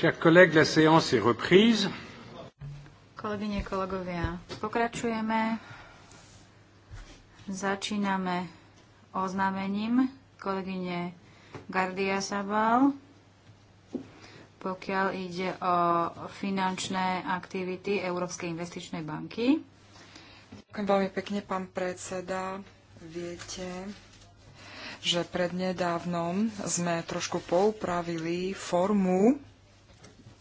Chers collègues, la séance est reprise. Kolegyne, kolegovia, pokračujeme. Začíname oznámením kolegyne Gardia Sabal, pokiaľ ide o finančné aktivity Európskej investičnej banky. Ďakujem veľmi pekne, pán predseda. Viete, že prednedávnom sme trošku poupravili formu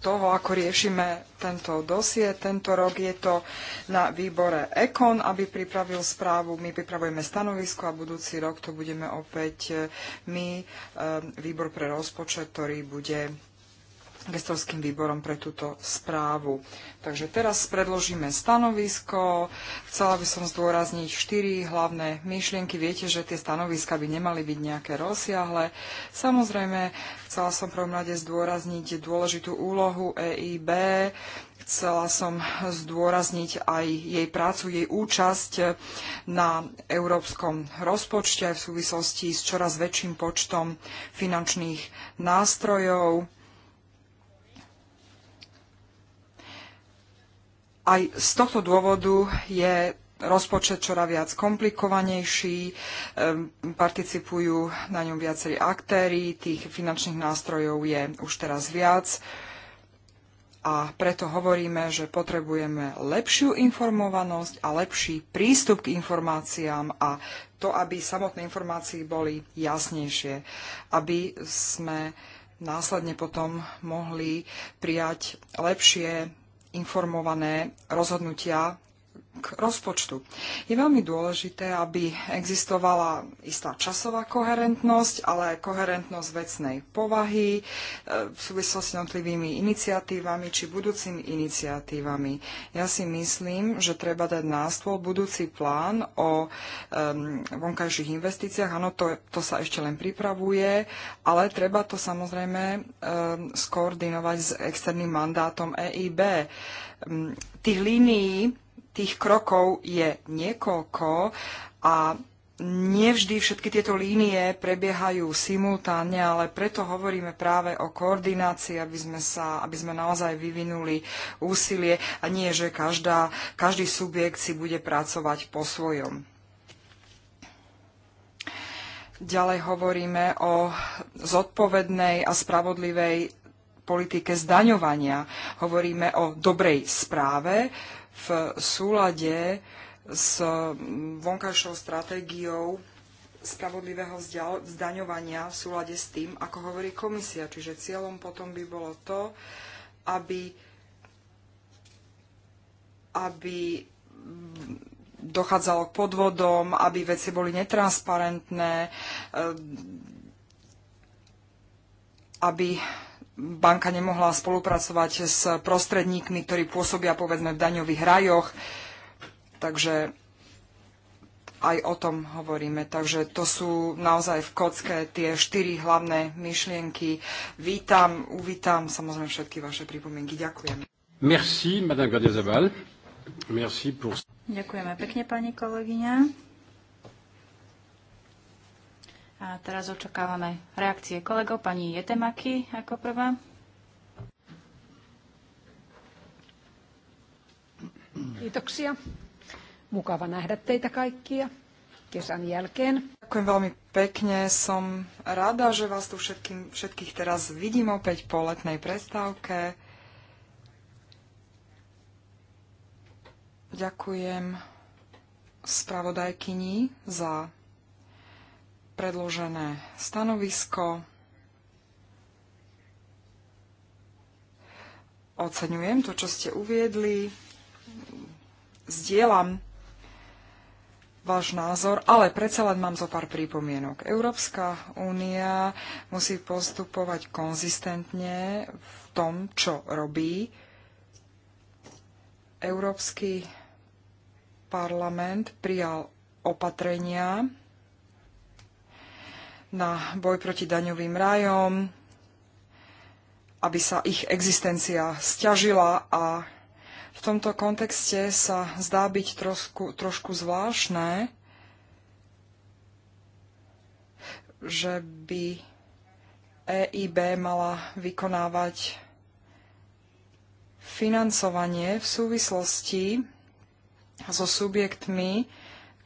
toho, ako riešime tento dosie. Tento rok je to na výbore EKON, aby pripravil správu. My pripravujeme stanovisko a budúci rok to budeme opäť eh, my, eh, výbor pre rozpočet, ktorý bude gestorským výborom pre túto správu. Takže teraz predložíme stanovisko. Chcela by som zdôrazniť štyri hlavné myšlienky. Viete, že tie stanoviska by nemali byť nejaké rozsiahle. Samozrejme, chcela som prvom rade zdôrazniť dôležitú úlohu EIB. Chcela som zdôrazniť aj jej prácu, jej účasť na európskom rozpočte v súvislosti s čoraz väčším počtom finančných nástrojov Aj z tohto dôvodu je rozpočet čoraz viac komplikovanejší, ehm, participujú na ňom viacerí aktéry, tých finančných nástrojov je už teraz viac a preto hovoríme, že potrebujeme lepšiu informovanosť a lepší prístup k informáciám a to, aby samotné informácie boli jasnejšie, aby sme následne potom mohli prijať lepšie informované rozhodnutia k rozpočtu. Je veľmi dôležité, aby existovala istá časová koherentnosť, ale aj koherentnosť vecnej povahy e, v súvislosti s jednotlivými iniciatívami či budúcimi iniciatívami. Ja si myslím, že treba dať na stôl budúci plán o um, vonkajších investíciách. Áno, to, to sa ešte len pripravuje, ale treba to samozrejme um, skoordinovať s externým mandátom EIB. Um, tých línií, tých krokov je niekoľko a nevždy všetky tieto línie prebiehajú simultánne, ale preto hovoríme práve o koordinácii, aby sme, sa, aby sme naozaj vyvinuli úsilie a nie, že každá, každý subjekt si bude pracovať po svojom. Ďalej hovoríme o zodpovednej a spravodlivej politike zdaňovania. Hovoríme o dobrej správe, v súlade s mm, vonkajšou stratégiou spravodlivého zdaňovania v súlade s tým, ako hovorí komisia. Čiže cieľom potom by bolo to, aby, aby dochádzalo k podvodom, aby veci boli netransparentné, eh, aby banka nemohla spolupracovať s prostredníkmi, ktorí pôsobia povedzme v daňových rajoch. Takže aj o tom hovoríme. Takže to sú naozaj v kocke tie štyri hlavné myšlienky. Vítam, uvítam samozrejme všetky vaše pripomienky. Ďakujem. Merci, madame Gadezabal. Merci pour... Ďakujeme pekne, pani kolegyňa. A teraz očakávame reakcie kolegov. Pani Jetemaky ako prvá. Kiitoksia. Mukava nähdä teitä kaikkia kesän jälkeen. Ďakujem veľmi pekne. Som rada, že vás tu všetkým, všetkých teraz vidím opäť po letnej prestávke. Ďakujem spravodajkyni za predložené stanovisko. Oceňujem to, čo ste uviedli. Zdieľam váš názor, ale predsa len mám zo pár prípomienok. Európska únia musí postupovať konzistentne v tom, čo robí. Európsky parlament prijal opatrenia, na boj proti daňovým rajom, aby sa ich existencia stiažila a v tomto kontexte sa zdá byť trošku, trošku zvláštne, že by EIB mala vykonávať financovanie v súvislosti so subjektmi,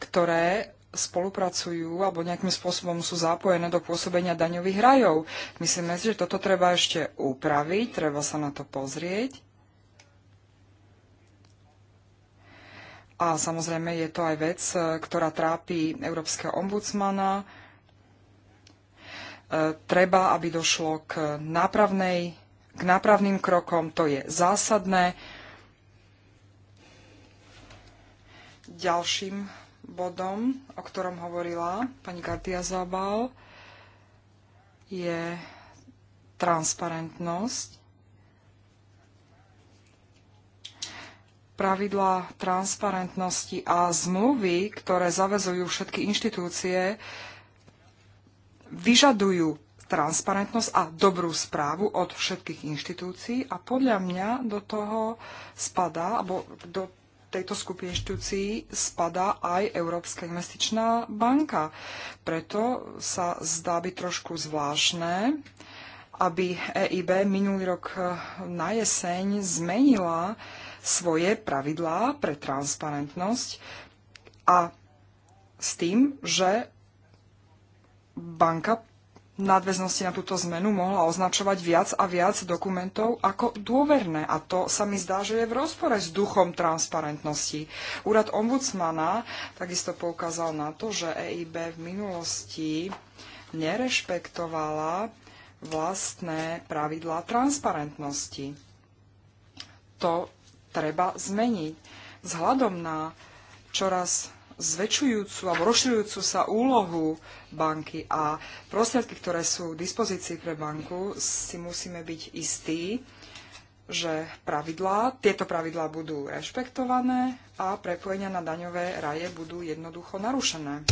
ktoré spolupracujú alebo nejakým spôsobom sú zapojené do pôsobenia daňových rajov. Myslíme si, že toto treba ešte upraviť, treba sa na to pozrieť. A samozrejme je to aj vec, e, ktorá trápi európskeho ombudsmana. E, treba, aby došlo k, nápravnej, k nápravným krokom, to je zásadné. Ďalším bodom, o ktorom hovorila pani Gardia Zabal, je transparentnosť. Pravidla transparentnosti a zmluvy, ktoré zavezujú všetky inštitúcie, vyžadujú transparentnosť a dobrú správu od všetkých inštitúcií a podľa mňa do toho spadá, alebo do tejto skupiny inštitúcií spadá aj Európska investičná banka. Preto sa zdá byť trošku zvláštne, aby EIB minulý rok eh, na jeseň zmenila svoje pravidlá pre transparentnosť a s tým, že banka nadväznosti na túto zmenu mohla označovať viac a viac dokumentov ako dôverné. A to sa mi zdá, že je v rozpore s duchom transparentnosti. Úrad ombudsmana takisto poukázal na to, že EIB v minulosti nerešpektovala vlastné pravidlá transparentnosti. To treba zmeniť. Vzhľadom na čoraz zväčšujúcu alebo rozširujúcu sa úlohu banky a prostriedky, ktoré sú v dispozícii pre banku, si musíme byť istí, že pravidlá, tieto pravidlá budú rešpektované a prepojenia na daňové raje budú jednoducho narušené.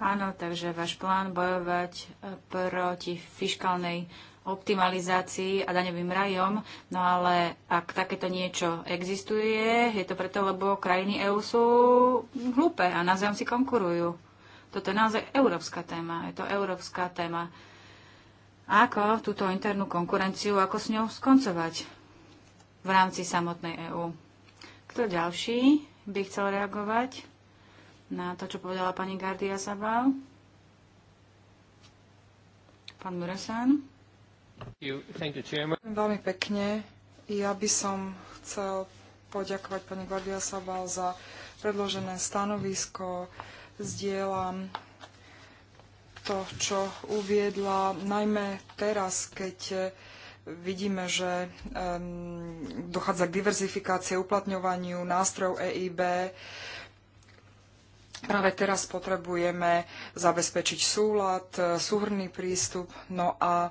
Áno, takže váš plán bojovať eh, proti fiskálnej optimalizácii a daňovým rajom, no ale ak takéto niečo existuje, je to preto, lebo krajiny EÚ sú hlúpe a navzájom si konkurujú. Toto je naozaj európska téma. Je to európska téma. A ako túto internú konkurenciu, ako s ňou skoncovať v rámci samotnej EÚ? Kto ďalší by chcel reagovať na to, čo povedala pani Gardia Sabal? Pán Muresan. Veľmi pekne. Ja by som chcel poďakovať pani Guardia Sabal za predložené stanovisko. Zdieľam to, čo uviedla, najmä teraz, keď eh, vidíme, že um, dochádza k diverzifikácie, uplatňovaniu nástrojov EIB. Práve teraz potrebujeme zabezpečiť súlad, eh, súhrný prístup, no a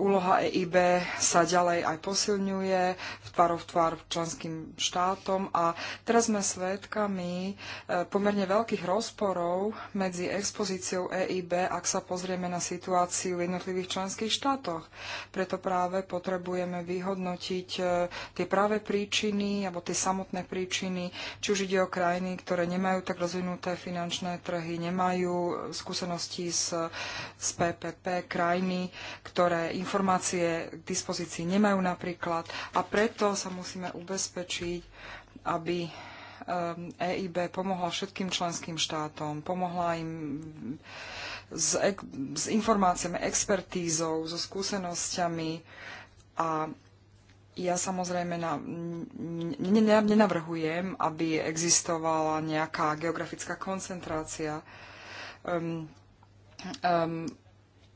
Úloha EIB sa ďalej aj posilňuje v tvarov tvar členským štátom a teraz sme svedkami e, pomerne veľkých rozporov medzi expozíciou EIB, ak sa pozrieme na situáciu v jednotlivých členských štátoch. Preto práve potrebujeme vyhodnotiť e, tie práve príčiny alebo tie samotné príčiny, či už ide o krajiny, ktoré nemajú tak rozvinuté finančné trhy, nemajú e, skúsenosti s, s PPP, krajiny, ktoré ktoré informácie k dispozícii nemajú napríklad a preto sa musíme ubezpečiť, aby EIB ehm, e pomohla všetkým členským štátom, pomohla im s, s informáciami, expertízou, so skúsenosťami a ja samozrejme nenavrhujem, aby existovala nejaká geografická koncentrácia. Um, um,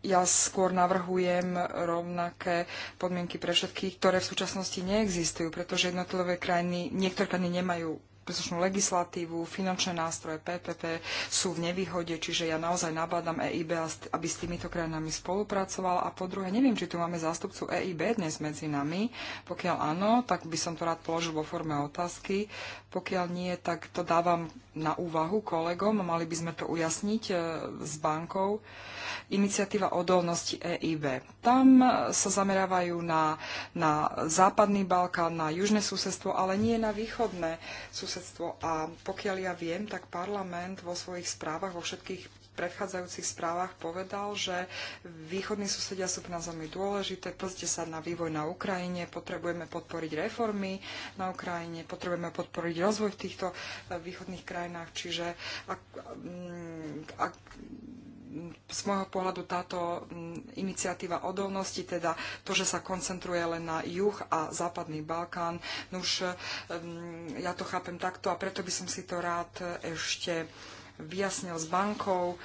ja skôr navrhujem rovnaké podmienky pre všetkých, ktoré v súčasnosti neexistujú, pretože jednotlivé krajiny, niektoré krajiny nemajú príslušnú legislatívu, finančné nástroje PPP sú v nevýhode, čiže ja naozaj nabádam EIB, aby s týmito krajinami spolupracovala. A po druhé, neviem, či tu máme zástupcu EIB dnes medzi nami. Pokiaľ áno, tak by som to rád položil vo forme otázky. Pokiaľ nie, tak to dávam na úvahu kolegom. Mali by sme to ujasniť e, s bankou. Iniciatíva odolnosti EIB. Tam e, sa zamerávajú na, na západný Balkán, na južné susedstvo, ale nie na východné susedstvo susedstvo. A pokiaľ ja viem, tak parlament vo svojich správach, vo všetkých predchádzajúcich správach povedal, že východní susedia sú pre nás veľmi dôležité. Pozrite sa na vývoj na Ukrajine, potrebujeme podporiť reformy na Ukrajine, potrebujeme podporiť rozvoj v týchto eh, východných krajinách. Čiže ak, mm, ak, z môjho pohľadu táto mm, iniciatíva odolnosti, teda to, že sa koncentruje len na juh a západný Balkán, no už e, mm, ja to chápem takto a preto by som si to rád ešte vyjasnil s bankou,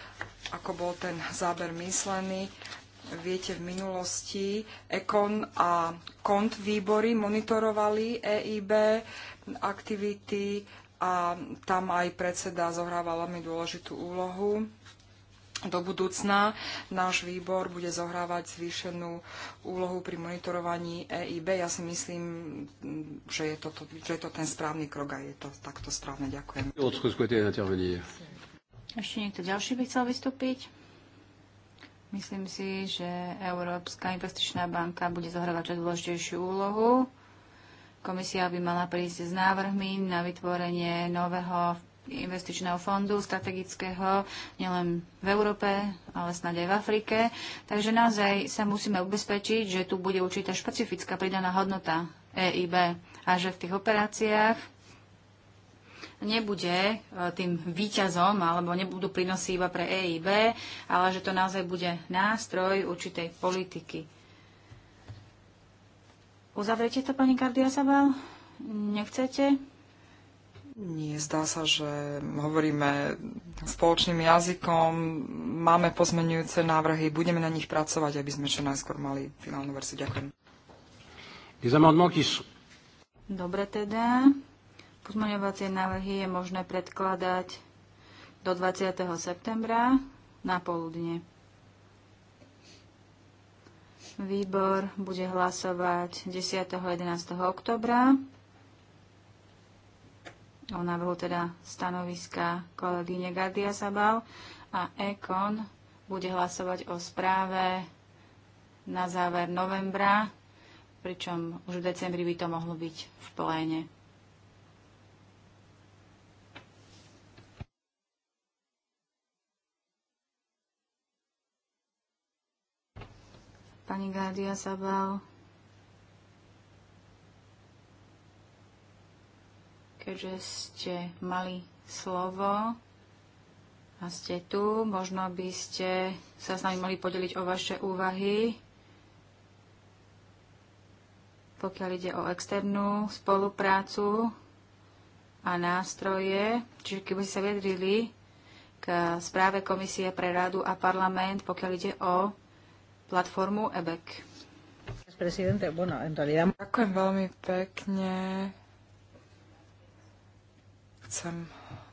ako bol ten záber myslený. Viete, v minulosti Ekon a Kont výbory monitorovali EIB aktivity a tam aj predseda zohrával veľmi dôležitú úlohu do budúcna náš výbor bude zohrávať zvýšenú úlohu pri monitorovaní EIB. Ja si myslím, že je to, to, že je to ten správny krok a je to takto správne. Ďakujem. Ešte niekto ďalší by chcel vystúpiť? Myslím si, že Európska investičná banka bude zohrávať čo dôležitejšiu úlohu. Komisia by mala prísť s návrhmi na vytvorenie nového investičného fondu strategického nielen v Európe, ale snad aj v Afrike. Takže naozaj sa musíme ubezpečiť, že tu bude určitá špecifická pridaná hodnota EIB a že v tých operáciách nebude e, tým výťazom alebo nebudú prínosy iba pre EIB, ale že to naozaj bude nástroj určitej politiky. Uzavrete to, pani Kardiasabel? Nechcete? Nie, zdá sa, že hovoríme spoločným jazykom, máme pozmenujúce návrhy, budeme na nich pracovať, aby sme čo najskôr mali finálnu verziu. Ďakujem. Dobre teda. Pozmeňovacie návrhy je možné predkladať do 20. septembra na poludne. Výbor bude hlasovať 10. a 11. oktobra o návrhu teda stanoviska kolegyne Gardia Sabal a Ekon bude hlasovať o správe na záver novembra, pričom už v decembri by to mohlo byť v pléne. Pani Gardia Sabal. keďže ste mali slovo a ste tu. Možno by ste sa s nami mohli podeliť o vaše úvahy, pokiaľ ide o externú spoluprácu a nástroje. Čiže keby ste sa vedrili k správe Komisie pre radu a parlament, pokiaľ ide o platformu EBEC. Ďakujem veľmi pekne chcem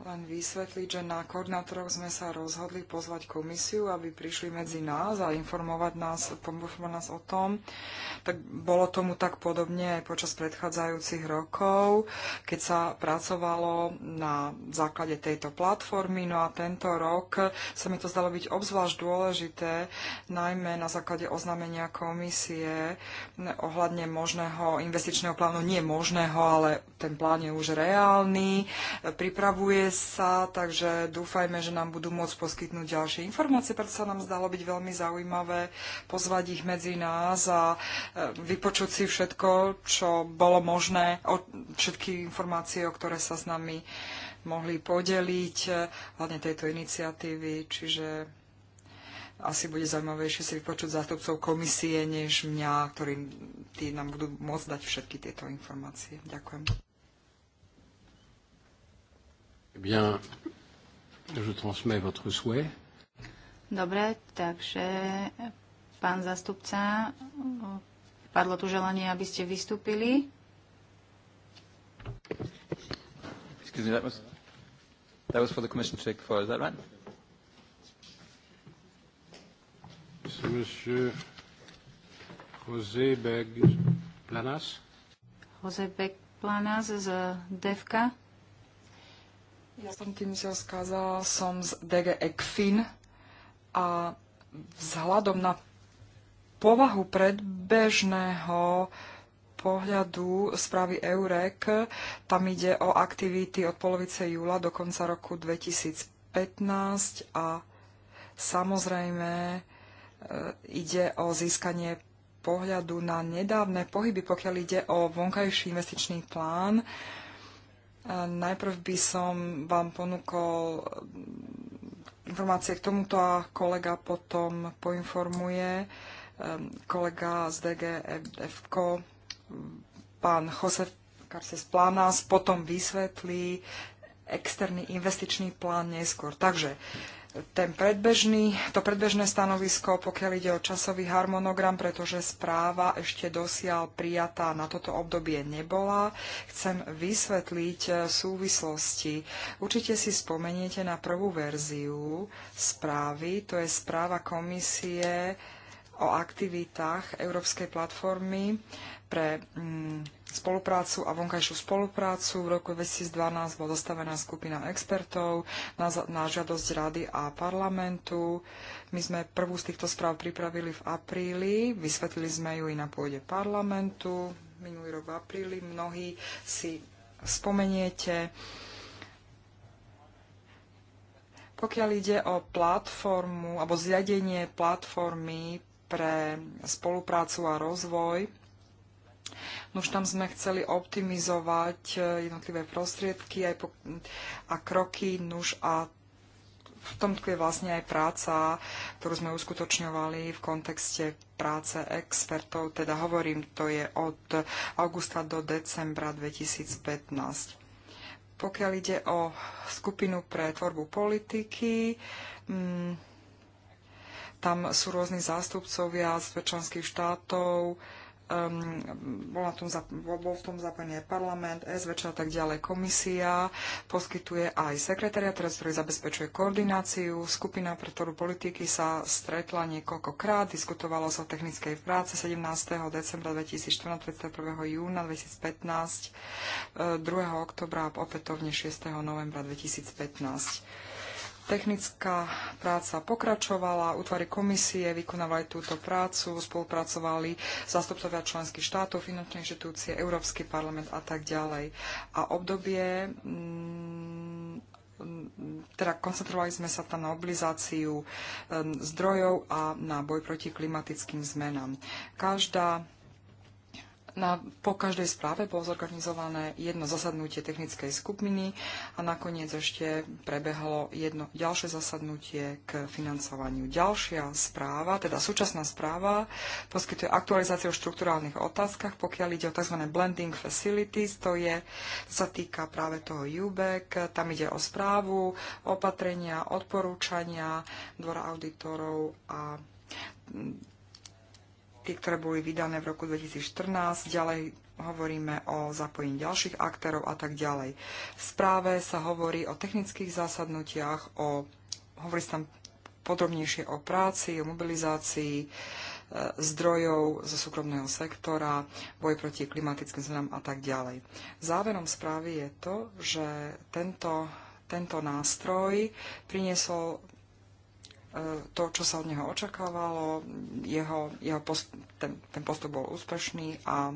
len vysvetliť, že na koordinátoroch sme sa rozhodli pozvať komisiu, aby prišli medzi nás a informovať nás, pomôžme nás o tom. Tak bolo tomu tak podobne aj počas predchádzajúcich rokov, keď sa pracovalo na základe tejto platformy. No a tento rok sa mi to zdalo byť obzvlášť dôležité, najmä na základe oznámenia komisie ohľadne možného investičného plánu, nie možného, ale ten plán je už reálny, pripravuje sa, takže dúfajme, že nám budú môcť poskytnúť ďalšie informácie, preto sa nám zdalo byť veľmi zaujímavé pozvať ich medzi nás a e, vypočuť si všetko, čo bolo možné, všetky informácie, o ktoré sa s nami mohli podeliť, e, hlavne tejto iniciatívy, čiže asi bude zaujímavejšie si vypočuť zástupcov komisie než mňa, ktorí nám budú môcť dať všetky tieto informácie. Ďakujem. Eh bien, je transmets votre souhait. Dobre, takže pán zastupca, padlo tu želanie, aby ste vystúpili. Excuse me, that was, that was for the commission check for, is that right? Monsieur José Beg Planas. José Beg Planas is a DEFCA. Ja som tým sa skázala som z DG ECFIN a vzhľadom na povahu predbežného pohľadu správy EUREK, tam ide o aktivity od polovice júla do konca roku 2015 a samozrejme e, ide o získanie pohľadu na nedávne pohyby, pokiaľ ide o vonkajší investičný plán. Najprv by som vám ponúkol mm, informácie k tomuto a kolega potom poinformuje. Ehm, kolega z DGFK, pán Josef Karces Planas, potom vysvetlí externý investičný plán neskôr. Takže ten predbežný, to predbežné stanovisko, pokiaľ ide o časový harmonogram, pretože správa ešte dosiaľ prijatá na toto obdobie nebola. Chcem vysvetliť e, súvislosti. Určite si spomeniete na prvú verziu správy, to je správa komisie o aktivitách Európskej platformy pre mm, spoluprácu a vonkajšiu spoluprácu. V roku 2012 bola zostavená skupina expertov na, na žiadosť rady a parlamentu. My sme prvú z týchto správ pripravili v apríli, vysvetlili sme ju i na pôde parlamentu minulý rok v apríli. Mnohí si spomeniete. Pokiaľ ide o platformu alebo zriadenie platformy pre spoluprácu a rozvoj, No už tam sme chceli optimizovať e, jednotlivé prostriedky aj po, a kroky, nuž a v tom je vlastne aj práca, ktorú sme uskutočňovali v kontexte práce expertov, teda hovorím, to je od augusta do decembra 2015. Pokiaľ ide o skupinu pre tvorbu politiky, mm, tam sú rôzni zástupcovia z členských štátov, um, bol, tom bol v tom zapojený aj parlament, SVČ a tak ďalej. Komisia poskytuje aj sekretariat, ktorý zabezpečuje koordináciu. Skupina pretoru politiky sa stretla niekoľkokrát, diskutovalo sa o technickej práce 17. decembra 2014, 31. júna 2015, 2. E, oktobra a opätovne 6. novembra 2015 Technická práca pokračovala, útvary komisie vykonávali túto prácu, spolupracovali zástupcovia členských štátov, finančné inštitúcie, Európsky parlament a tak ďalej. A obdobie, mm, teda koncentrovali sme sa tam na mobilizáciu mm, zdrojov a na boj proti klimatickým zmenám. Každá na, po každej správe bolo zorganizované jedno zasadnutie technickej skupiny a nakoniec ešte prebehlo jedno ďalšie zasadnutie k financovaniu. Ďalšia správa, teda súčasná správa, poskytuje aktualizáciu o štruktúrálnych otázkach, pokiaľ ide o tzv. blending facilities, to je, to sa týka práve toho UBEC, tam ide o správu, opatrenia, odporúčania, dvora auditorov a tie, ktoré boli vydané v roku 2014. Ďalej hovoríme o zapojení ďalších aktérov a tak ďalej. V správe sa hovorí o technických zásadnutiach, o, hovorí sa tam podrobnejšie o práci, o mobilizácii e, zdrojov zo súkromného sektora, boj proti klimatickým zmenám a tak ďalej. Záverom správy je to, že tento, tento nástroj priniesol to, čo sa od neho očakávalo. Jeho, jeho post, ten, ten postup bol úspešný a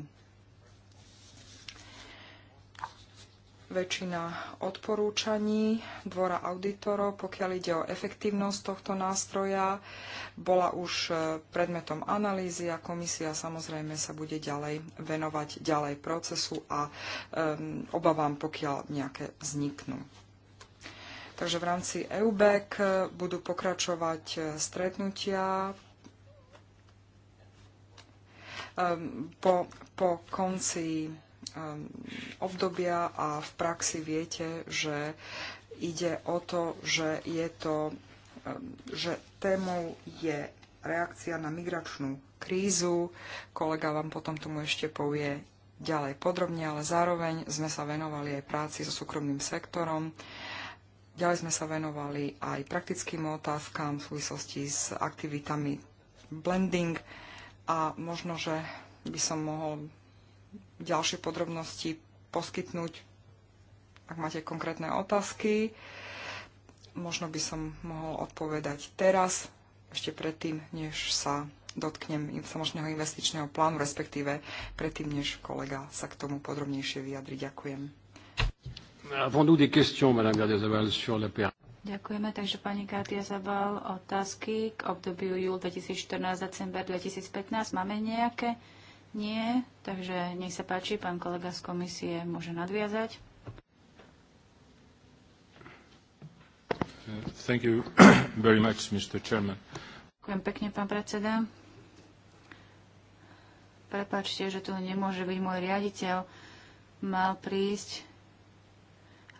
väčšina odporúčaní dvora auditorov, pokiaľ ide o efektívnosť tohto nástroja, bola už e, predmetom analýzy a komisia samozrejme sa bude ďalej venovať ďalej procesu a um, obavám, pokiaľ nejaké vzniknú. Takže v rámci EUBEC budú pokračovať e, stretnutia ehm, po, po konci ehm, obdobia a v praxi viete, že ide o to, že je to, ehm, že témou je reakcia na migračnú krízu. Kolega vám potom tomu ešte povie ďalej podrobne, ale zároveň sme sa venovali aj práci so súkromným sektorom Ďalej sme sa venovali aj praktickým otázkam v súvislosti s aktivitami blending a možno, že by som mohol ďalšie podrobnosti poskytnúť, ak máte konkrétne otázky. Možno by som mohol odpovedať teraz, ešte predtým, než sa dotknem samočného investičného plánu, respektíve predtým, než kolega sa k tomu podrobnejšie vyjadri. Ďakujem. Ďakujeme. Takže pani Katia Zabal, otázky k obdobiu júl 2014, december 2015. Máme nejaké? Nie. Takže nech sa páči, pán kolega z komisie môže nadviazať. Thank you very much, Mr. Chairman. Ďakujem pekne, pán predseda. Prepačte, že tu nemôže byť môj riaditeľ. Mal prísť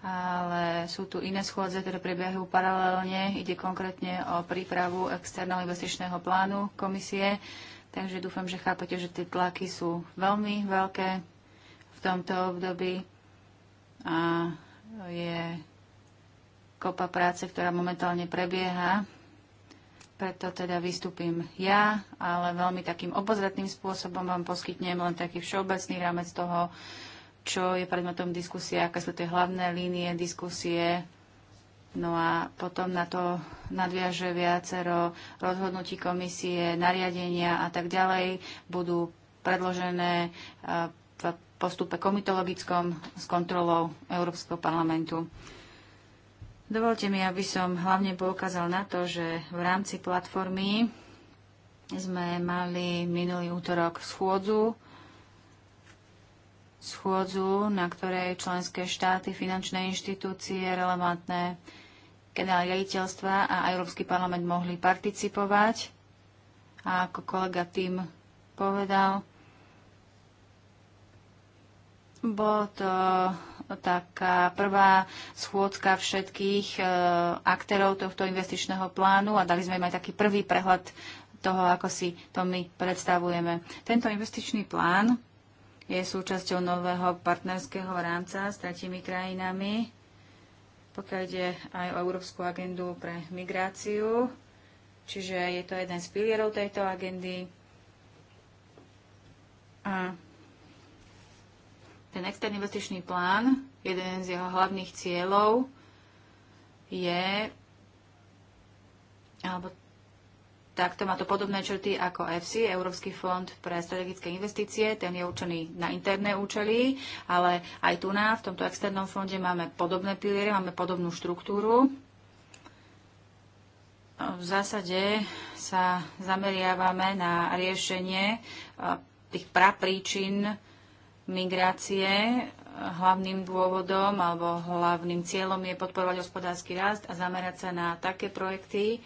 ale sú tu iné schôdze, ktoré prebiehajú paralelne. Ide konkrétne o prípravu externého investičného plánu komisie, takže dúfam, že chápete, že tie tlaky sú veľmi veľké v tomto období a je kopa práce, ktorá momentálne prebieha. Preto teda vystúpim ja, ale veľmi takým obozretným spôsobom vám poskytnem len taký všeobecný rámec toho, čo je predmetom diskusie, aké sú tie hlavné línie diskusie. No a potom na to nadviaže viacero rozhodnutí komisie, nariadenia a tak ďalej. Budú predložené e, v postupe komitologickom s kontrolou Európskeho parlamentu. Dovolte mi, aby som hlavne poukázal na to, že v rámci platformy sme mali minulý útorok schôdzu schôdzu, na ktorej členské štáty, finančné inštitúcie, relevantné generálne riaditeľstva a Európsky parlament mohli participovať. A ako kolega tým povedal, bolo to taká prvá schôdzka všetkých e, aktérov tohto investičného plánu a dali sme im aj taký prvý prehľad toho, ako si to my predstavujeme. Tento investičný plán je súčasťou nového partnerského rámca s tretimi krajinami, pokiaľ ide aj o Európsku agendu pre migráciu. Čiže je to jeden z pilierov tejto agendy. A ten externý investičný plán, jeden z jeho hlavných cieľov je, alebo takto má to podobné črty ako EFSI, Európsky fond pre strategické investície. Ten je určený na interné účely, ale aj tu na, v tomto externom fonde máme podobné piliere, máme podobnú štruktúru. V zásade sa zameriavame na riešenie tých prapríčin migrácie. Hlavným dôvodom alebo hlavným cieľom je podporovať hospodársky rast a zamerať sa na také projekty,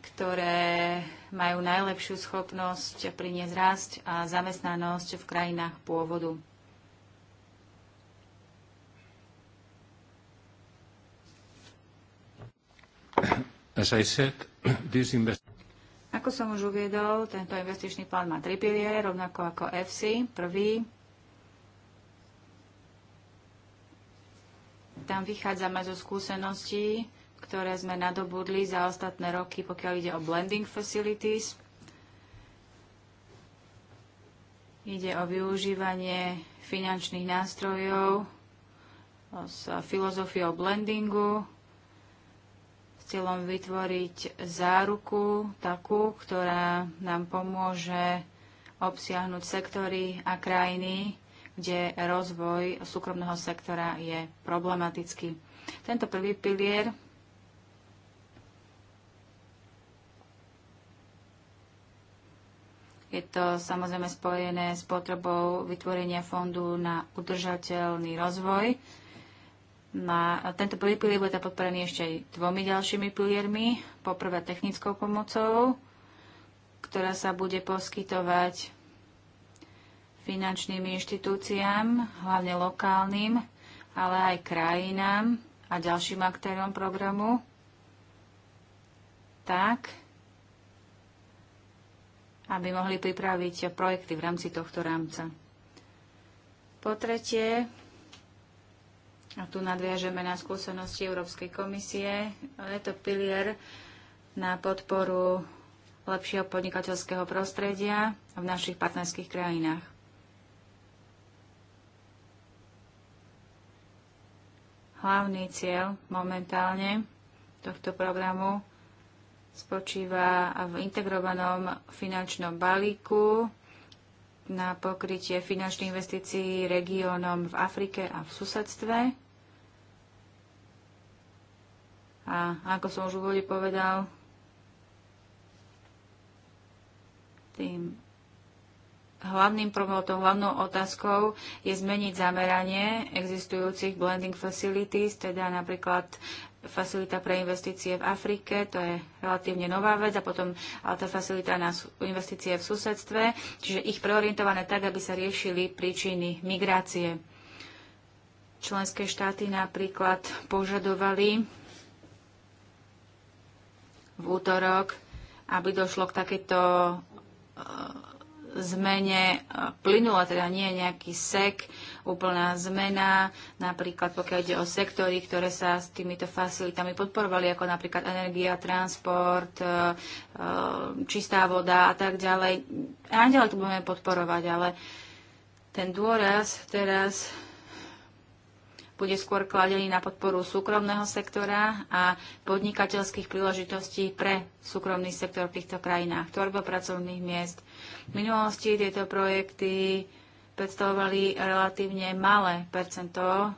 ktoré majú najlepšiu schopnosť priniesť rast a zamestnanosť v krajinách pôvodu. ako som už uviedol, tento investičný plán má tri piliere, rovnako ako FC. Prvý, tam vychádzame zo skúseností, ktoré sme nadobudli za ostatné roky, pokiaľ ide o blending facilities. Ide o využívanie finančných nástrojov s filozofiou blendingu s cieľom vytvoriť záruku takú, ktorá nám pomôže obsiahnuť sektory a krajiny, kde rozvoj súkromného sektora je problematický. Tento prvý pilier Je to samozrejme spojené s potrebou vytvorenia fondu na udržateľný rozvoj. Na tento prvý pilier bude podporený ešte aj dvomi ďalšími piliermi. Poprvé technickou pomocou, ktorá sa bude poskytovať finančným inštitúciám, hlavne lokálnym, ale aj krajinám a ďalším aktérom programu. Tak, aby mohli pripraviť projekty v rámci tohto rámca. Po tretie, a tu nadviažeme na skúsenosti Európskej komisie, je to pilier na podporu lepšieho podnikateľského prostredia v našich partnerských krajinách. Hlavný cieľ momentálne tohto programu spočíva v integrovanom finančnom balíku na pokrytie finančných investícií regiónom v Afrike a v susedstve. A ako som už v úvode povedal, tým hlavným problémom, tou hlavnou otázkou je zmeniť zameranie existujúcich blending facilities, teda napríklad facilita pre investície v Afrike, to je relatívne nová vec, a potom tá facilita na investície v susedstve, čiže ich preorientované tak, aby sa riešili príčiny migrácie. Členské štáty napríklad požadovali v útorok, aby došlo k takéto zmene e, plynula, teda nie je nejaký sek, úplná zmena, napríklad pokiaľ ide o sektory, ktoré sa s týmito facilitami podporovali, ako napríklad energia, transport, e, e, čistá voda a tak ďalej. A ďalej to budeme podporovať, ale ten dôraz teraz bude skôr kladený na podporu súkromného sektora a podnikateľských príležitostí pre súkromný sektor v týchto krajinách, tvorba pracovných miest, v minulosti tieto projekty predstavovali relatívne malé percento e,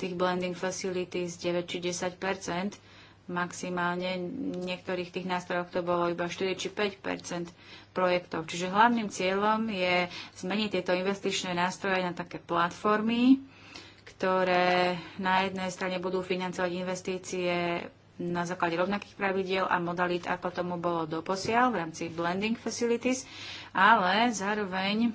tých blending facilities, 9 či 10 percent maximálne. V niektorých tých nástrojoch to bolo iba 4 či 5 projektov. Čiže hlavným cieľom je zmeniť tieto investičné nástroje na také platformy, ktoré na jednej strane budú financovať investície na základe rovnakých pravidiel a modalít, ako tomu bolo doposiaľ v rámci blending facilities ale zároveň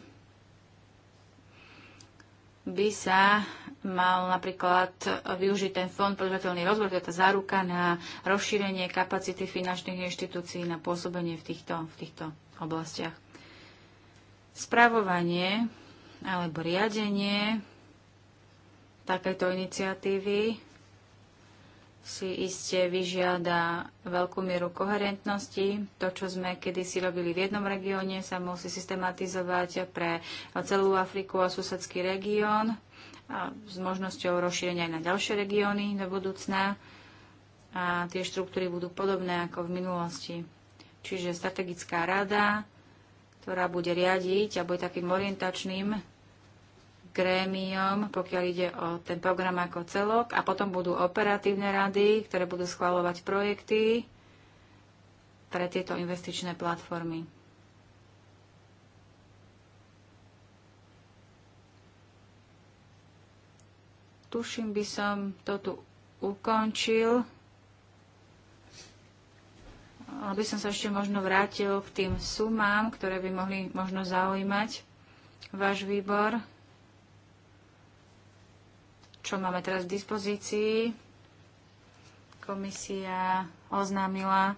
by sa mal napríklad využiť ten fond podľateľný rozvoj, to je tá záruka na rozšírenie kapacity finančných inštitúcií na pôsobenie v týchto, v týchto oblastiach. Spravovanie alebo riadenie takéto iniciatívy si iste vyžiada veľkú mieru koherentnosti. To, čo sme kedysi robili v jednom regióne, sa musí systematizovať pre celú Afriku a susedský región a s možnosťou rozšírenia aj na ďalšie regióny do budúcna. A tie štruktúry budú podobné ako v minulosti. Čiže strategická rada, ktorá bude riadiť a bude takým orientačným grémiom, pokiaľ ide o ten program ako celok. A potom budú operatívne rady, ktoré budú schvalovať projekty pre tieto investičné platformy. Tuším, by som to tu ukončil. Aby som sa ešte možno vrátil k tým sumám, ktoré by mohli možno zaujímať váš výbor čo máme teraz v dispozícii. Komisia oznámila,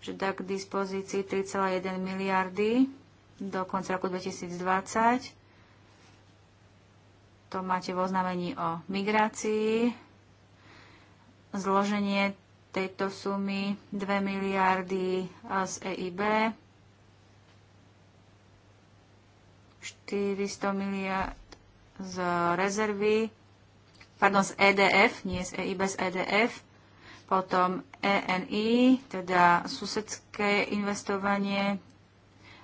že dá k dispozícii 3,1 miliardy do konca roku 2020. To máte v oznámení o migrácii. Zloženie tejto sumy 2 miliardy z EIB, 400 miliard z rezervy pardon, z EDF, nie z EIB, z EDF, potom ENI, teda susedské investovanie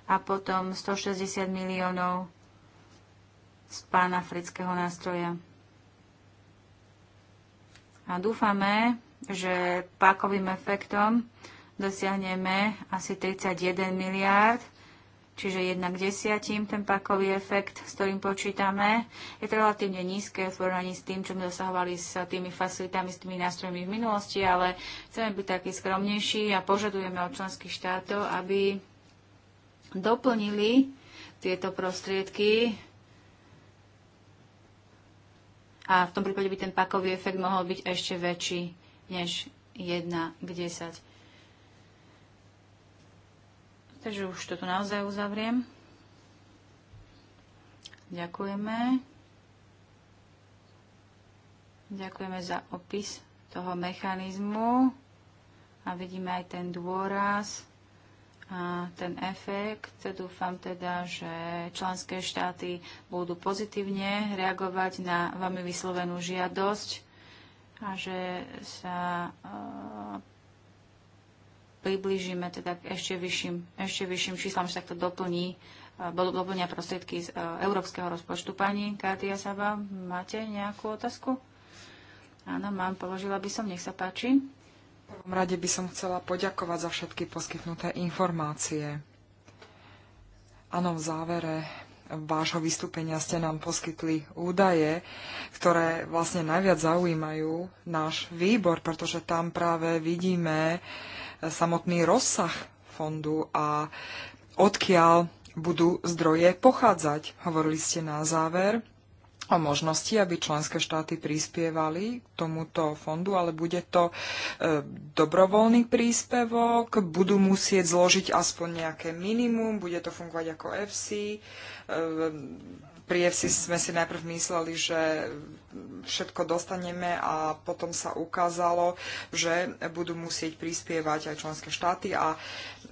a potom 160 miliónov z afrického nástroja. A dúfame, že pákovým efektom dosiahneme asi 31 miliárd čiže 1 k 10, ten pakový efekt, s ktorým počítame, je to relatívne nízke v porovnaní s tým, čo sme dosahovali s tými facilitami, s tými nástrojmi v minulosti, ale chceme byť taký skromnejší a požadujeme od členských štátov, aby doplnili tieto prostriedky a v tom prípade by ten pakový efekt mohol byť ešte väčší než 1 k 10. Takže už toto naozaj uzavriem. Ďakujeme. Ďakujeme za opis toho mechanizmu a vidíme aj ten dôraz a ten efekt. Dúfam teda, že členské štáty budú pozitívne reagovať na vami vyslovenú žiadosť a že sa e, priblížime teda k ešte vyšším, ešte vyšším číslam, že takto doplní doplnia prostriedky z e, európskeho rozpočtu. Pani Katia Saba, máte nejakú otázku? Áno, mám, položila by som, nech sa páči. V prvom rade by som chcela poďakovať za všetky poskytnuté informácie. Áno, v závere vášho vystúpenia ste nám poskytli údaje, ktoré vlastne najviac zaujímajú náš výbor, pretože tam práve vidíme, samotný rozsah fondu a odkiaľ budú zdroje pochádzať. Hovorili ste na záver o možnosti, aby členské štáty prispievali k tomuto fondu, ale bude to e, dobrovoľný príspevok, budú musieť zložiť aspoň nejaké minimum, bude to fungovať ako FC, e, pri EFSI sme si najprv mysleli, že všetko dostaneme a potom sa ukázalo, že budú musieť prispievať aj členské štáty. A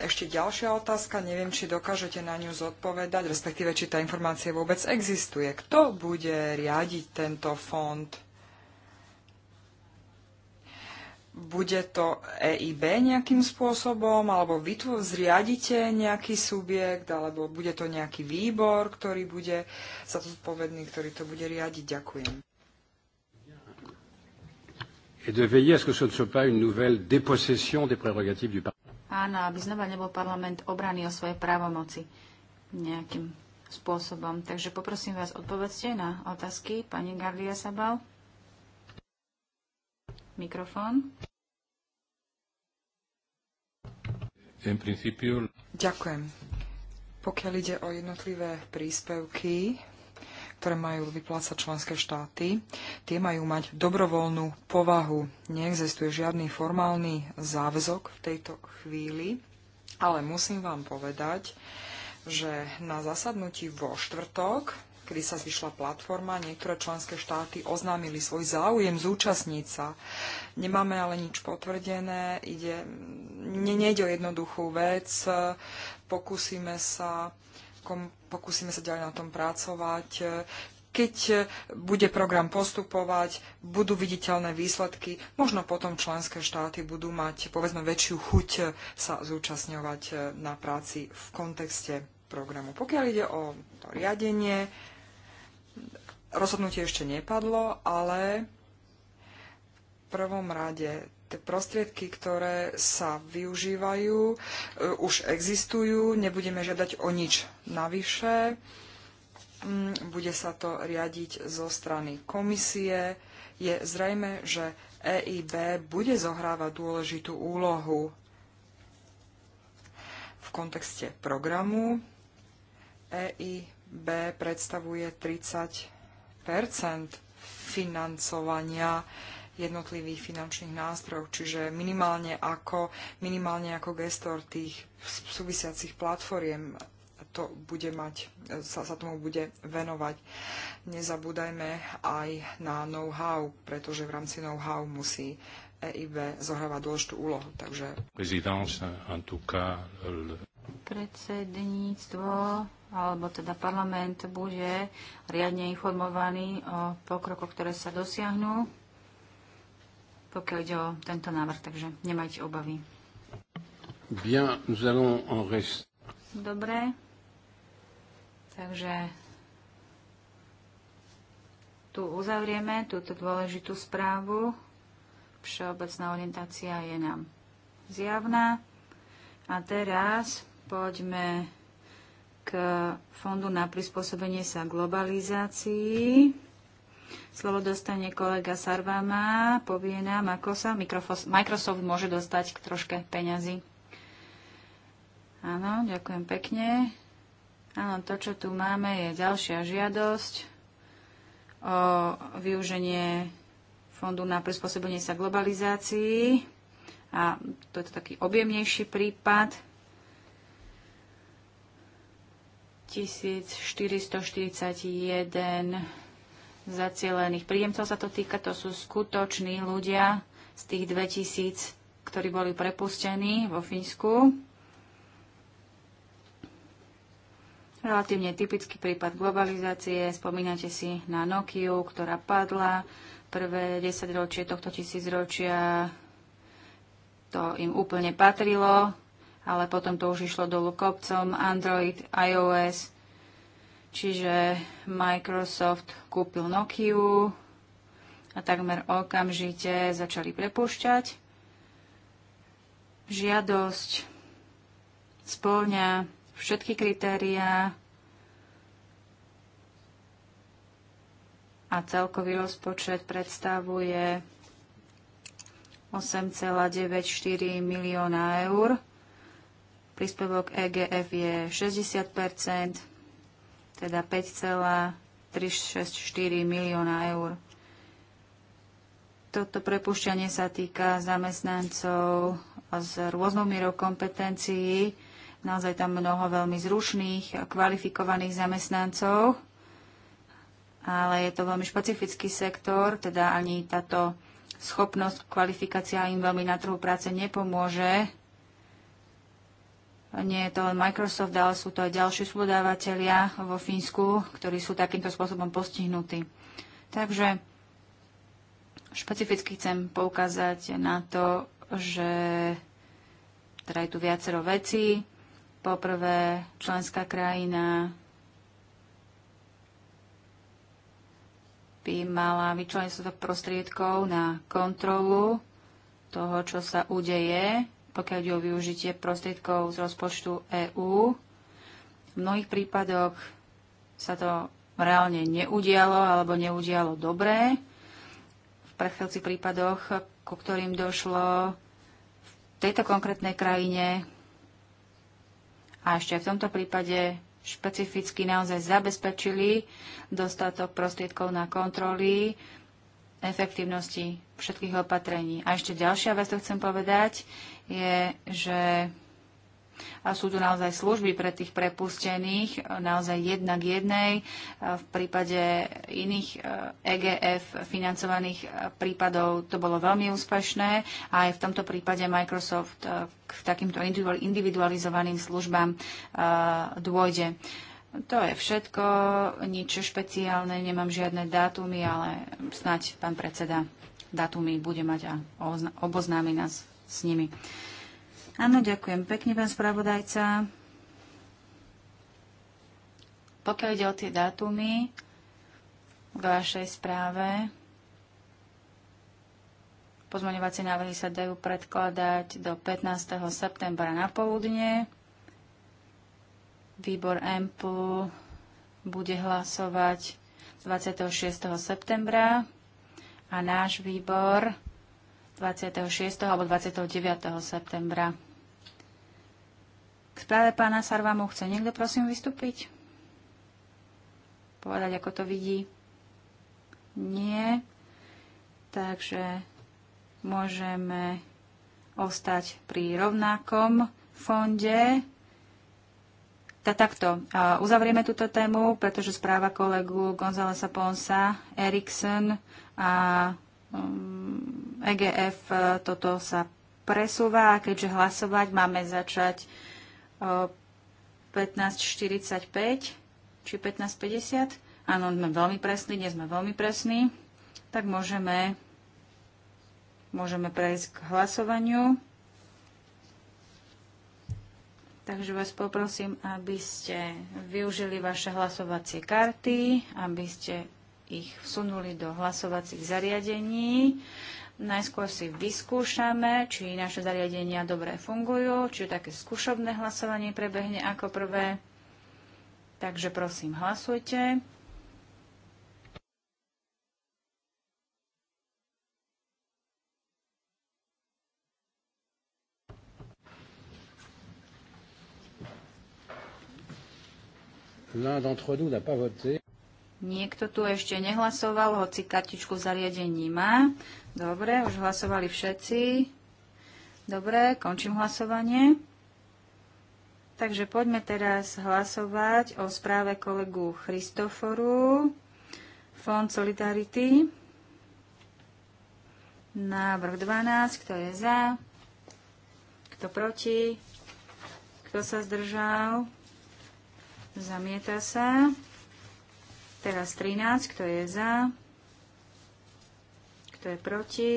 ešte ďalšia otázka, neviem, či dokážete na ňu zodpovedať, respektíve, či tá informácia vôbec existuje. Kto bude riadiť tento fond? bude to EIB nejakým spôsobom, alebo vy tu zriadite nejaký subjekt, alebo bude to nejaký výbor, ktorý bude za to zodpovedný, ktorý to bude riadiť. Ďakujem. Et de veiller à ce que ce ne soit pas une nouvelle dépossession des prérogatives du Parlement. Áno, aby znova nebol parlament obraný o svoje právomoci nejakým spôsobom. Takže poprosím vás, odpovedzte na otázky pani Gardia Sabal. Mikrofón. Principio... Ďakujem. Pokiaľ ide o jednotlivé príspevky, ktoré majú vyplácať členské štáty, tie majú mať dobrovoľnú povahu. Neexistuje žiadny formálny záväzok v tejto chvíli, ale musím vám povedať, že na zasadnutí vo štvrtok kedy sa zvyšla platforma, niektoré členské štáty oznámili svoj záujem zúčastniť sa. Nemáme ale nič potvrdené, ide, ne, nejde o jednoduchú vec, pokúsime sa, kom, pokúsime sa ďalej na tom pracovať. Keď bude program postupovať, budú viditeľné výsledky, možno potom členské štáty budú mať, povedzme, väčšiu chuť sa zúčastňovať na práci v kontexte programu. Pokiaľ ide o to riadenie, Rozhodnutie ešte nepadlo, ale v prvom rade tie prostriedky, ktoré sa využívajú, e, už existujú, nebudeme žiadať o nič navyše. Mm, bude sa to riadiť zo strany komisie. Je zrejme, že EIB bude zohrávať dôležitú úlohu v kontexte programu. EIB predstavuje 30 percent financovania jednotlivých finančných nástrojov, čiže minimálne ako, minimálne ako gestor tých súvisiacich platformiem to bude mať, sa, sa tomu bude venovať. Nezabúdajme aj na know-how, pretože v rámci know-how musí EIB zohrávať dôležitú úlohu. Takže predsedníctvo alebo teda parlament bude riadne informovaný o pokrokoch, ktoré sa dosiahnu, pokiaľ ide o tento návrh, takže nemajte obavy. Bien, nous allons en rest... Dobre, takže tu uzavrieme túto dôležitú správu. Všeobecná orientácia je nám zjavná. A teraz Poďme k Fondu na prispôsobenie sa globalizácii. Slovo dostane kolega Sarvama, povie nám, ako sa Microsoft môže dostať k troške peňazí. Áno, ďakujem pekne. Áno, to, čo tu máme, je ďalšia žiadosť o využenie Fondu na prispôsobenie sa globalizácii. A to je to taký objemnejší prípad. 1441 zacielených príjemcov sa to týka, to sú skutoční ľudia z tých 2000, ktorí boli prepustení vo Fínsku. Relatívne typický prípad globalizácie. Spomínate si na Nokiu, ktorá padla. Prvé 10 ročie tohto tisícročia to im úplne patrilo ale potom to už išlo dolu kopcom, Android, iOS, čiže Microsoft kúpil Nokia a takmer okamžite začali prepušťať. Žiadosť spĺňa všetky kritériá a celkový rozpočet predstavuje 8,94 milióna eur príspevok EGF je 60 teda 5,364 milióna eur. Toto prepušťanie sa týka zamestnancov s rôznou mierou kompetencií, naozaj tam mnoho veľmi zrušných, kvalifikovaných zamestnancov, ale je to veľmi špecifický sektor, teda ani táto schopnosť, kvalifikácia im veľmi na trhu práce nepomôže nie je to len Microsoft, ale sú to aj ďalší subdodávateľia vo Fínsku, ktorí sú takýmto spôsobom postihnutí. Takže špecificky chcem poukázať na to, že teda je tu viacero vecí. Poprvé, členská krajina by mala vyčleniť sa prostriedkov na kontrolu toho, čo sa udeje pokiaľ ide o využitie prostriedkov z rozpočtu EÚ. V mnohých prípadoch sa to reálne neudialo alebo neudialo dobré. V predchádzajúcich prípadoch, ku ktorým došlo v tejto konkrétnej krajine a ešte aj v tomto prípade špecificky naozaj zabezpečili dostatok prostriedkov na kontroly efektívnosti všetkých opatrení. A ešte ďalšia vec, to chcem povedať, je, že a sú tu naozaj služby pre tých prepustených, naozaj jedna k jednej. V prípade iných EGF e financovaných e, prípadov to bolo veľmi úspešné a aj v tomto prípade Microsoft e, k takýmto individualizovaným službám dôjde. To je všetko, nič špeciálne, nemám žiadne dátumy, ale snáď pán predseda dátumy bude mať a oboznámi nás s nimi. Áno, ďakujem pekne, pán spravodajca. Pokiaľ ide o tie dátumy v vašej správe, pozmaňovacie návrhy sa dajú predkladať do 15. septembra na poludne. Výbor EMPL bude hlasovať 26. septembra a náš výbor 26. alebo 29. septembra. K správe pána Sarvamu chce niekto prosím vystúpiť? Povedať, ako to vidí? Nie. Takže môžeme ostať pri rovnakom fonde. Tak takto, uzavrieme túto tému, pretože správa kolegu Gonzalesa Ponsa, Eriksen a um, EGF e, toto sa presúva a keďže hlasovať máme začať 15.45 e, či 15.50. Áno, sme veľmi presní, dnes sme veľmi presní. Tak môžeme, môžeme prejsť k hlasovaniu. Takže vás poprosím, aby ste využili vaše hlasovacie karty, aby ste ich vsunuli do hlasovacích zariadení Najskôr si vyskúšame, či naše zariadenia dobre fungujú, či také skúšobné hlasovanie prebehne ako prvé. Takže prosím, hlasujte. Niekto tu ešte nehlasoval, hoci kartičku zariadení má. Dobre, už hlasovali všetci. Dobre, končím hlasovanie. Takže poďme teraz hlasovať o správe kolegu Christoforu. Fond Solidarity. Návrh 12. Kto je za? Kto proti? Kto sa zdržal? Zamieta sa. Teraz 13. Kto je za? Kto je proti?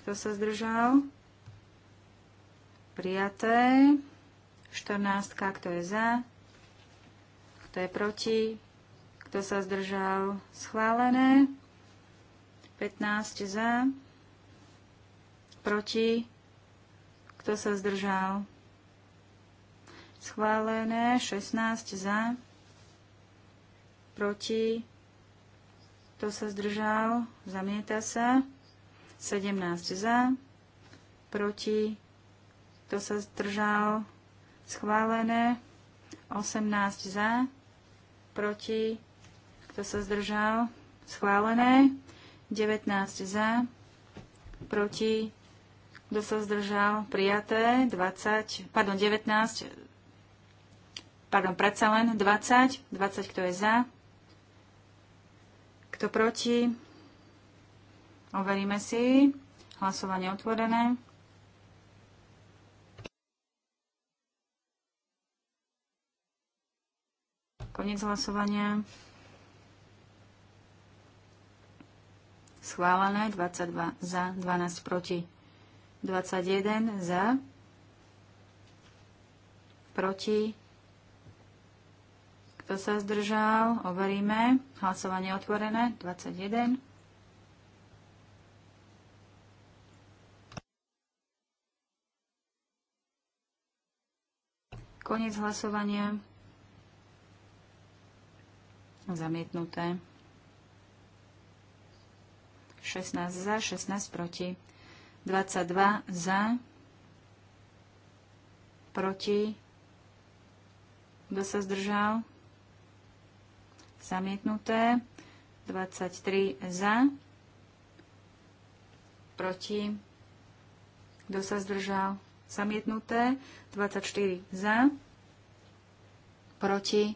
Kto sa zdržal? Prijaté. 14. Kto je za? Kto je proti? Kto sa zdržal? Schválené. 15 za. Proti. Kto sa zdržal? Schválené. 16 za. Proti. Kto sa zdržal? Zamieta sa. 17 za. Proti. Kto sa zdržal? Schválené. 18 za. Proti. Kto sa zdržal? Schválené. 19 za. Proti. Kto sa zdržal? Prijaté. 20. Pardon, 19. Pardon, predsa len 20. 20, kto je za kto proti? Overíme si. Hlasovanie otvorené. Koniec hlasovania. Schválené 22 za, 12 proti. 21 za, proti kto sa zdržal? Overíme. Hlasovanie otvorené. 21. Koniec hlasovania. Zamietnuté. 16 za, 16 proti. 22 za, proti. Kto sa zdržal? zamietnuté, 23 za, proti, kto sa zdržal, zamietnuté, 24 za, proti,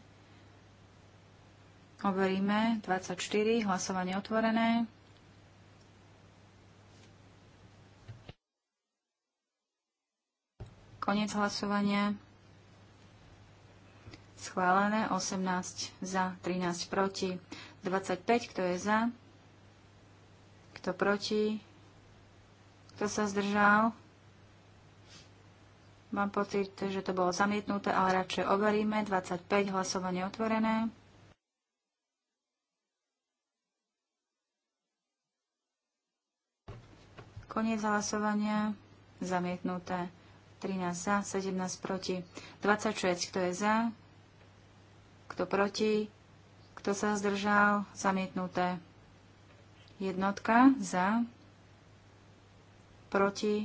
overíme, 24, hlasovanie otvorené. Konec hlasovania. Schválené 18 za, 13 proti. 25, kto je za? Kto proti? Kto sa zdržal? Mám pocit, že to bolo zamietnuté, ale radšej overíme. 25, hlasovanie otvorené. Koniec hlasovania. Zamietnuté. 13 za, 17 proti. 26, kto je za? Kto proti? Kto sa zdržal? Zamietnuté. Jednotka za. Proti.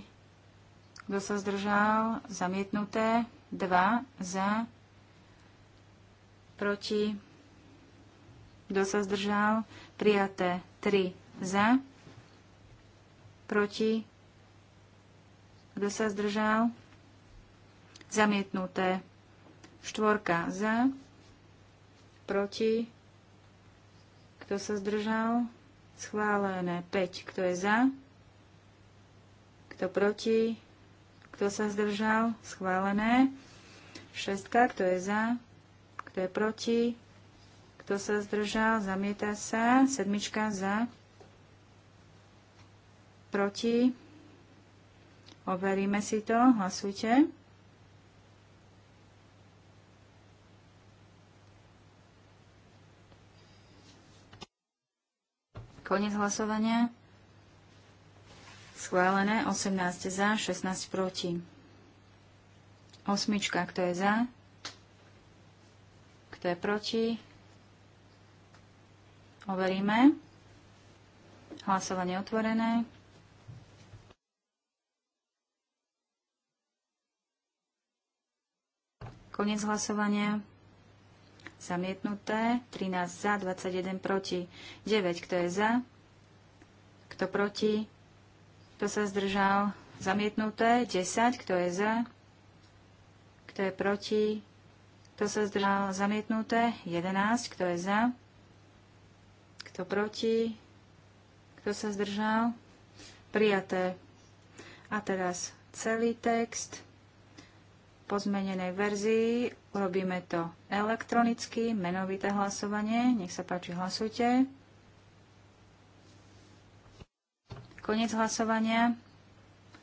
Kto sa zdržal? Zamietnuté. dva za. Proti. Kto sa zdržal? Prijaté. tri za. Proti. Kto sa zdržal? Zamietnuté. Štvorka za proti, kto sa zdržal, schválené 5, kto je za, kto proti, kto sa zdržal, schválené 6, kto je za, kto je proti, kto sa zdržal, zamieta sa, 7. za, proti, overíme si to, hlasujte. Koniec hlasovania. Schválené 18 za, 16 proti. Osmička, kto je za? Kto je proti? Overíme. Hlasovanie otvorené. Koniec hlasovania zamietnuté, 13 za, 21 proti, 9, kto je za, kto proti, kto sa zdržal, zamietnuté, 10, kto je za, kto je proti, kto sa zdržal, zamietnuté, 11, kto je za, kto proti, kto sa zdržal, prijaté. A teraz celý text pozmenenej verzii. Urobíme to elektronicky, menovité hlasovanie. Nech sa páči, hlasujte. Konec hlasovania.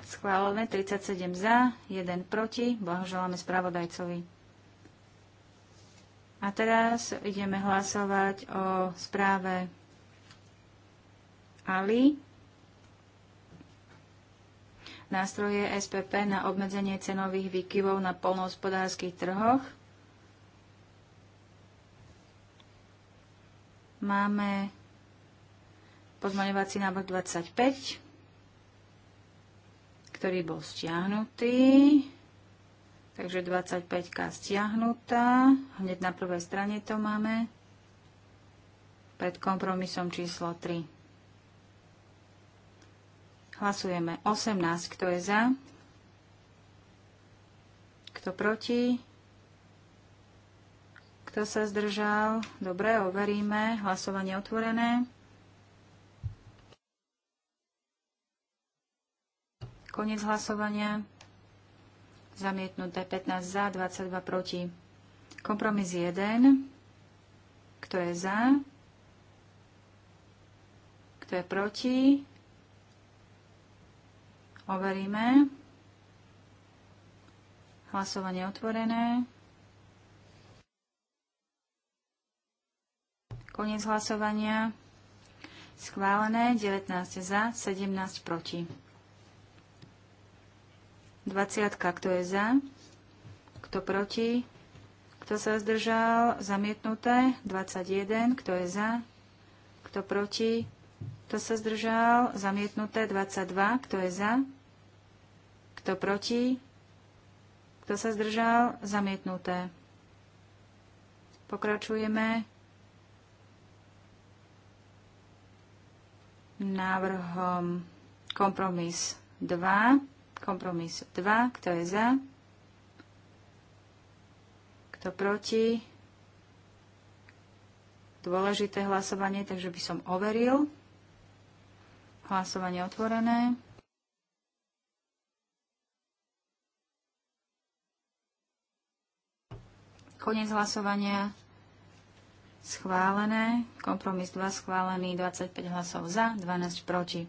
Schválené 37 za, 1 proti. Blahoželáme spravodajcovi. A teraz ideme hlasovať o správe Ali nástroje SPP na obmedzenie cenových výkyvov na polnohospodárských trhoch. Máme pozmaňovací návrh 25, ktorý bol stiahnutý. Takže 25 stiahnutá. Hneď na prvej strane to máme. Pred kompromisom číslo 3. Hlasujeme 18. Kto je za? Kto proti? Kto sa zdržal? Dobre, overíme. Hlasovanie otvorené. Konec hlasovania. Zamietnuté 15 za, 22 proti. Kompromis 1. Kto je za? Kto je proti? Overíme. Hlasovanie otvorené. Koniec hlasovania. Schválené 19 za, 17 proti. 20. Kto je za? Kto proti? Kto sa zdržal? Zamietnuté. 21. Kto je za? Kto proti? Kto sa zdržal? Zamietnuté 22. Kto je za? Kto proti? Kto sa zdržal? Zamietnuté. Pokračujeme návrhom kompromis 2. Kompromis 2. Kto je za? Kto proti? Dôležité hlasovanie, takže by som overil. Hlasovanie otvorené. Konec hlasovania schválené. Kompromis 2 schválený, 25 hlasov za, 12 proti.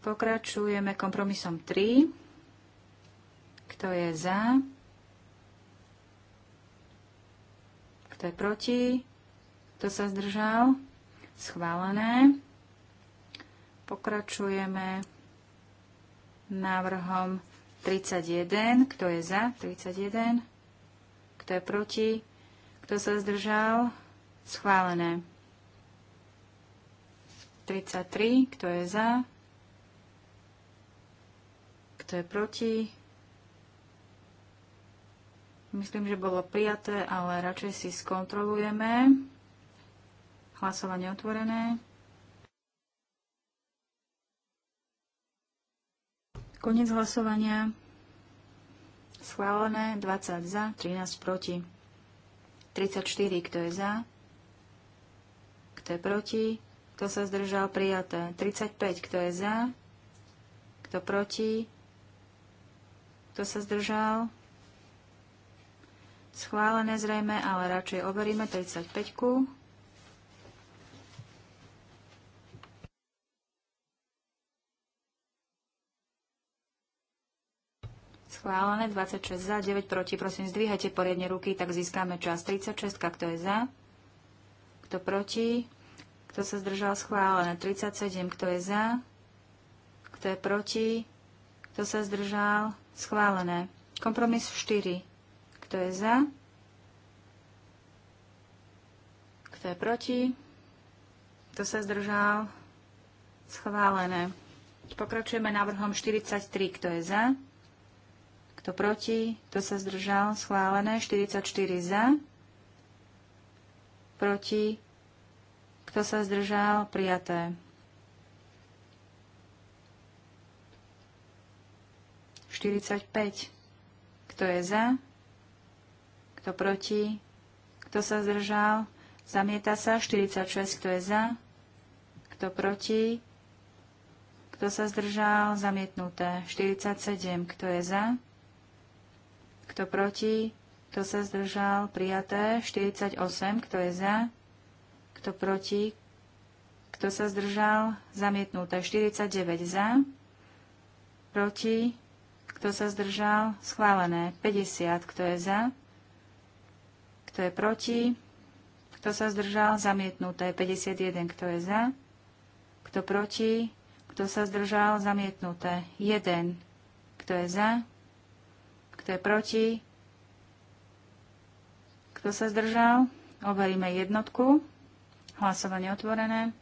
Pokračujeme kompromisom 3. Kto je za? Kto je proti? Kto sa zdržal? Schválené. Pokračujeme návrhom 31. Kto je za? 31. Kto je proti? Kto sa zdržal? Schválené. 33. Kto je za? Kto je proti? Myslím, že bolo prijaté, ale radšej si skontrolujeme. Hlasovanie otvorené. Konec hlasovania. Schválené 20 za, 13 proti. 34, kto je za, kto je proti, kto sa zdržal, prijaté. 35, kto je za, kto proti, kto sa zdržal. Schválené zrejme, ale radšej overíme 35. -ku. Schválené 26 za, 9 proti. Prosím, zdvíhajte poriadne ruky, tak získame čas. 36, kto je za? Kto proti? Kto sa zdržal? Schválené 37, kto je za? Kto je proti? Kto sa zdržal? Schválené. Kompromis 4. Kto je za? Kto je proti? Kto sa zdržal? Schválené. Pokračujeme návrhom 43. Kto je za? kto proti, kto sa zdržal, schválené, 44 za, proti, kto sa zdržal, prijaté. 45. Kto je za? Kto proti? Kto sa zdržal? Zamieta sa. 46. Kto je za? Kto proti? Kto sa zdržal? Zamietnuté. 47. Kto je za? Kto proti? Kto sa zdržal? Prijaté. 48. Kto je za? Kto proti? Kto sa zdržal? Zamietnuté. 49 za. Proti? Kto sa zdržal? Schválené. 50. Kto je za? Kto je proti? Kto sa zdržal? Zamietnuté. 51. Kto je za? Kto proti? Kto sa zdržal? Zamietnuté. 1. Kto je za? Kto je proti? Kto sa zdržal? Overíme jednotku. Hlasovanie otvorené.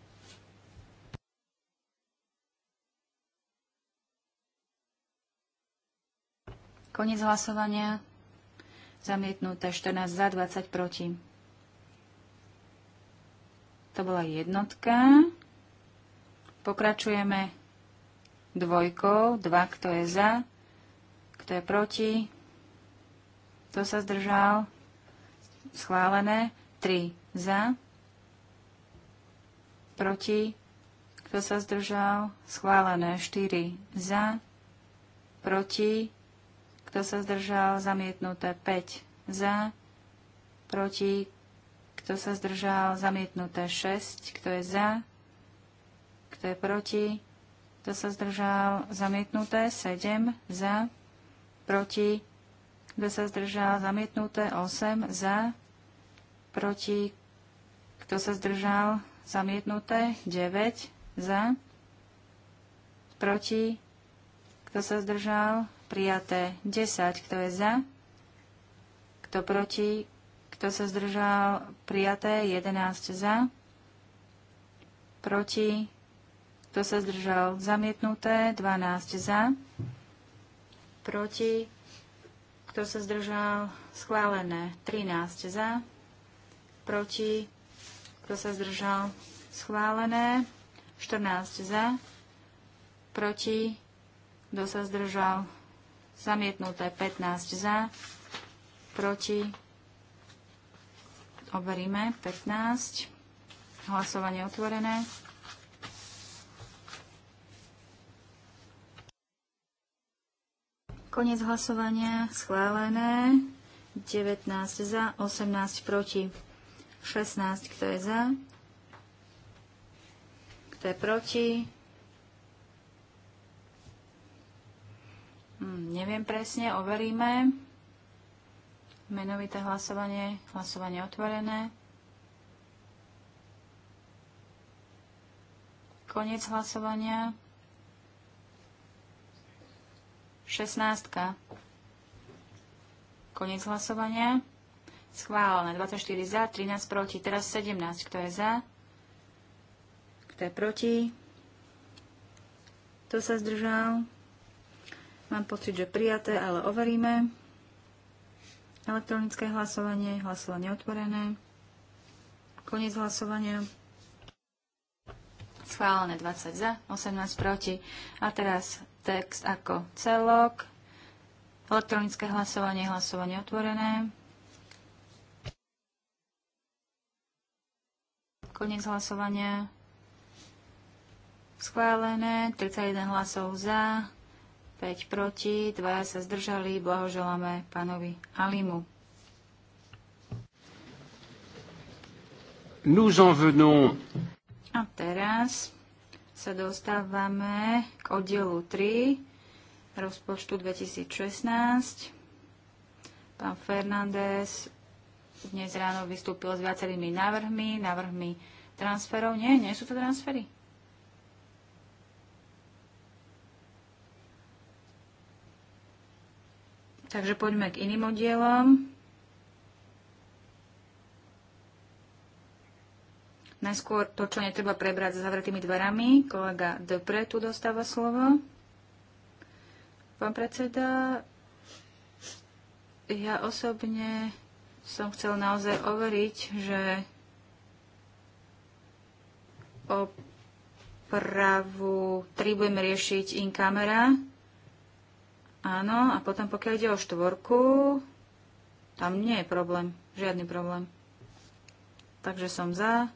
Koniec hlasovania. Zamietnuté 14 za, 20 proti. To bola jednotka. Pokračujeme dvojkou. 2, kto je za, kto je proti, kto sa zdržal? Schválené. 3 za. Proti. Kto sa zdržal? Schválené. 4 za. Proti. Kto sa zdržal? Zamietnuté. 5 za. Proti. Kto sa zdržal? Zamietnuté. 6. Kto je za? Kto je proti? Kto sa zdržal? Zamietnuté. 7 za. Proti kto sa zdržal, zamietnuté 8 za, proti, kto sa zdržal, zamietnuté 9 za, proti, kto sa zdržal, prijaté 10, kto je za, kto proti, kto sa zdržal, prijaté 11 za, proti, kto sa zdržal, zamietnuté 12 za, proti, kto sa zdržal? Schválené. 13 za. Proti. Kto sa zdržal? Schválené. 14 za. Proti. Kto sa zdržal? Zamietnuté. 15 za. Proti. Overíme. 15. Hlasovanie otvorené. Konec hlasovania schválené. 19 za, 18 proti. 16, kto je za? Kto je proti? Hm, neviem presne, overíme. Menovité hlasovanie, hlasovanie otvorené. Konec hlasovania. 16. Konec hlasovania. Schválené. 24 za, 13 proti. Teraz 17. Kto je za? Kto je proti? Kto sa zdržal? Mám pocit, že prijaté, ale overíme. Elektronické hlasovanie, hlasovanie otvorené. Konec hlasovania. Schválené 20 za, 18 proti. A teraz text ako celok. Elektronické hlasovanie, hlasovanie otvorené. Koniec hlasovania. Schválené. 31 hlasov za, 5 proti, 2 sa zdržali. Blahoželáme pánovi Alimu. Nous en venons. A teraz sa dostávame k oddielu 3 rozpočtu 2016. Pán Fernández dnes ráno vystúpil s viacerými návrhmi, návrhmi transferov. Nie, nie sú to transfery. Takže poďme k iným oddielom. Najskôr to, čo netreba prebrať za zavretými dverami. Kolega Depre tu dostáva slovo. Pán predseda, ja osobne som chcel naozaj overiť, že opravu 3 budeme riešiť in kamera. Áno, a potom pokiaľ ide o štvorku, tam nie je problém, žiadny problém. Takže som za.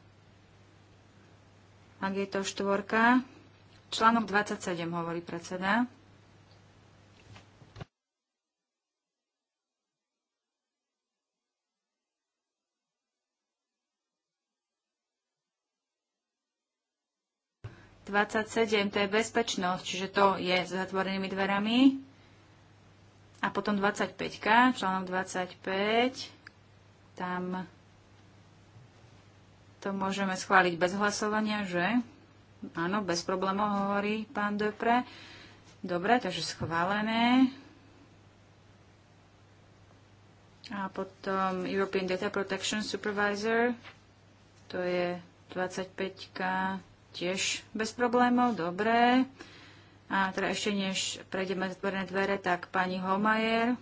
Ak je to štvorka, článok 27 hovorí predseda. to je bezpečnosť, čiže to je s zatvorenými dverami. A potom 25, článok 25, tam to môžeme schváliť bez hlasovania, že? Áno, bez problémov hovorí pán Depre. Dobre, takže schválené. A potom European Data Protection Supervisor, to je 25 tiež bez problémov, dobre. A teda ešte než prejdeme zatvorené dvere, tak pani Homajer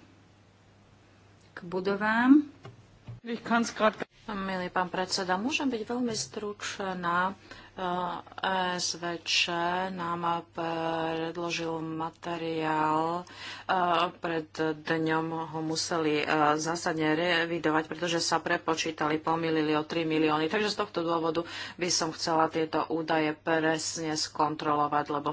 k budovám. Milý pán predseda, môžem byť veľmi stručná. E SVČ nám e, predložil materiál. E, pred dňom ho museli zásadne revidovať, pretože sa prepočítali, pomýlili o 3 milióny. Takže z tohto dôvodu by som chcela tieto údaje presne skontrolovať, lebo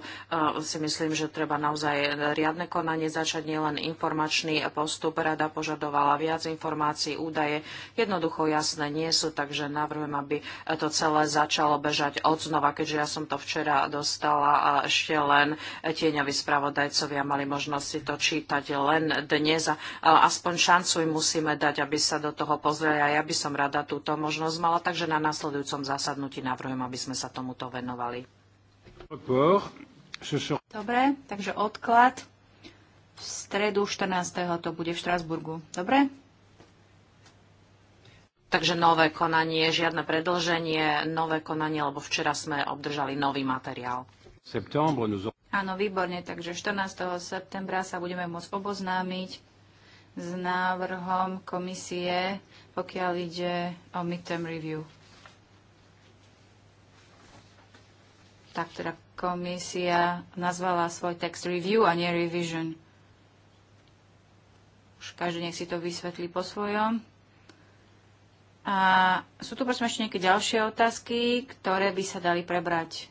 si myslím, že treba naozaj riadne konanie začať, nielen informačný postup. Rada požadovala viac informácií, údaje jednoducho jasné nie sú, takže navrhujem, aby to celé začalo bežať od od znova, keďže ja som to včera dostala a ešte len tieňoví spravodajcovia mali možnosť si to čítať len dnes. A aspoň šancu im musíme dať, aby sa do toho pozreli. A ja by som rada túto možnosť mala, takže na nasledujúcom zasadnutí navrhujem, aby sme sa tomuto venovali. Dobre, takže odklad. V stredu 14. to bude v Štrasburgu. Dobre? Takže nové konanie, žiadne predlženie, nové konanie, lebo včera sme obdržali nový materiál. Áno, výborne, takže 14. septembra sa budeme môcť oboznámiť s návrhom komisie, pokiaľ ide o midterm review. Tak teda komisia nazvala svoj text review a nie revision. Už každý nech si to vysvetlí po svojom. A sú tu prosím ešte nejaké ďalšie otázky, ktoré by sa dali prebrať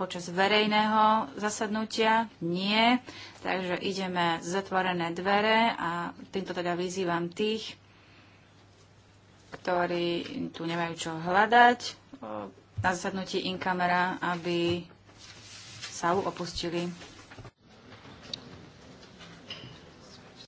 počas verejného zasadnutia? Nie. Takže ideme zatvorené dvere a týmto teda vyzývam tých, ktorí tu nemajú čo hľadať na zasadnutí in camera, aby sa opustili.